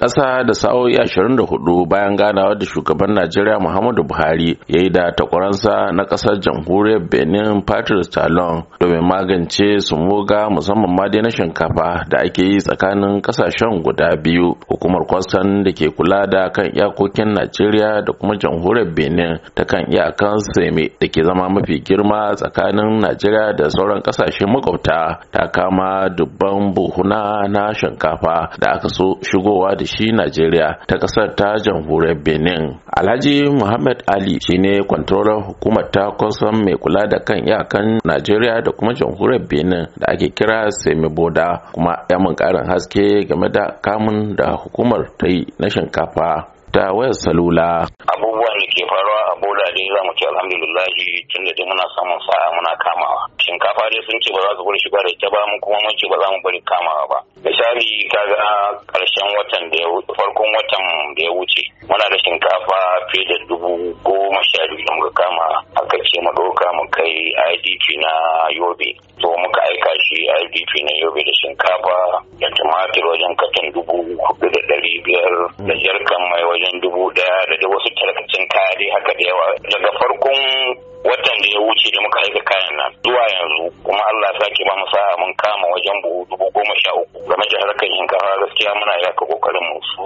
ƙasa da sa'o'i hudu bayan ganawa da shugaban Najeriya Muhammadu Buhari ya yi da takwaransa na ƙasar jamhuriyar Benin Patrice Talon domin magance sumoga musamman ma dai na shinkafa da ake yi tsakanin ƙasashen guda biyu hukumar kwastan da ke kula da kan iyakokin Najeriya da kuma jamhuriyar Benin ta kan iyakan Seme da ke zama mafi girma tsakanin Najeriya da sauran ƙasashe makwabta ta kama dubban buhuna na shinkafa da aka so shigowa da shi Najeriya ta kasar ta jamhuriyar Benin. Alhaji Muhammad Ali shi ne kwantarorin hukumar ta kusan mai kula da kan iyakan Najeriya da kuma jamhuriyar Benin da ake kira Semiboda kuma ya mun karin haske game da kamun da hukumar ta yi na shinkafa ta wayar salula abubuwan da ke faruwa a bola dai za mu ce alhamdulillahi tun da muna samun sa'a muna kamawa shinkafa dai sun ce ba za su bar shiga da ita ba mu kuma mun ce ba za mu bari kamawa ba misali ga karshen watan da ya wuce farkon watan da ya wuce muna da shinkafa fiye da dubu goma sha biyu da muka kama mu ɗauka mu kai idp na yobe to muka aika shi idp na yobe da shinkafa da tumatir wajen katon dubu hudu da ɗari biyar da jarkan mai wajen dubu ɗaya da wasu tarkacin kaya dai haka da yawa daga farkon watan da ya wuce da muka aika kayan nan zuwa yanzu kuma Allah sake ba mu sa'a mun kama wajen buhu dubu goma sha uku game da harkar shinkafa gaskiya muna yaka kokarin mu su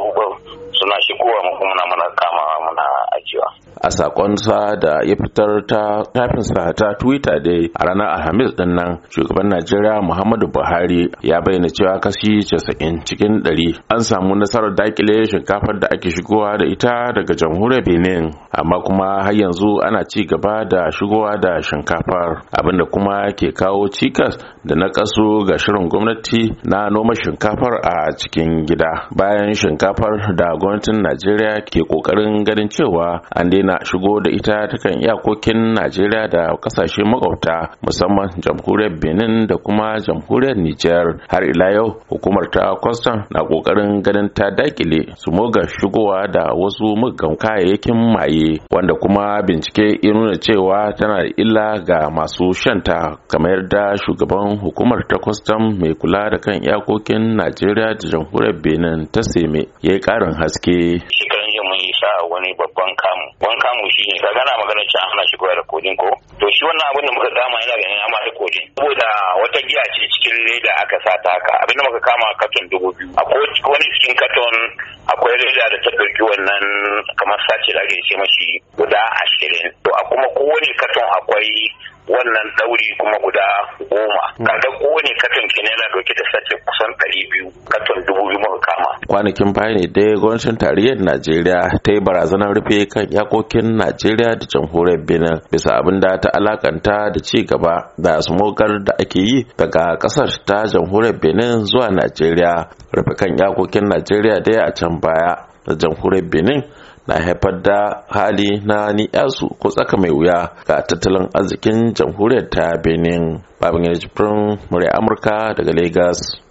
suna shigowa mu kuma muna kama muna ajiyewa a sakonsa da ya fitar ta tafinsa ta twitter dai a ranar alhamis din nan shugaban najeriya muhammadu buhari ya bayyana cewa kashi casa'in cikin ɗari. an samu nasarar dakile shinkafar da ake shigowa da ita daga jamhuriyar benin amma kuma har yanzu ana ci gaba da shigowa da shinkafar abinda kuma ke kawo cikas da na kaso ga shirin gwamnati na noman shinkafar a cikin gida bayan shinkafar da gwamnatin najeriya ke kokarin ganin cewa an daina na shigo da ita ta kan iyakokin najeriya da kasashe makwabta musamman jamhuriyar benin da kuma jamhuriyar niger har ila yau hukumar ta kwastam na kokarin ganin ta dakile su moga shigowa da wasu muggan kayayyakin maye wanda kuma bincike ya nuna cewa tana da illa ga masu shanta kamar yadda shugaban hukumar ta kwastam mai kula da kan iyakokin najeriya da jamhuriyar benin ta seme ya yi karin haske sa wani babban kamu wani kamu shi ne kaga na magana cewa ana shigo da kodin ko to shi wannan abin da muka kama yana ganin ya mai kodin saboda wata giya ce cikin leda aka sata ta haka abin da muka kama katon dubu biyu akwai wani cikin katon akwai leda da ta ɗauki wannan kamar sace da ake ce mashi guda ashirin to a kuma kowane katon akwai wannan dauri kuma guda goma hmm. kaga kowane katon kenan yana dauke da sace kusan ɗari biyu katon kwanakin baya ne dai gwamnatin tarayyar najeriya ta yi barazanar rufe kan yakokin najeriya da jamhuriyar benin bisa abin da ta alakanta da ci gaba da smogar da ake yi daga kasar ta jamhuriyar benin zuwa najeriya rufe kan yakokin najeriya dai a can baya da jamhuriyar benin na haifar da hali na ni, ni'yasu ko tsaka mai wuya ga tattalin arzikin jamhuriyar ta benin babin yanzu murya amurka daga lagos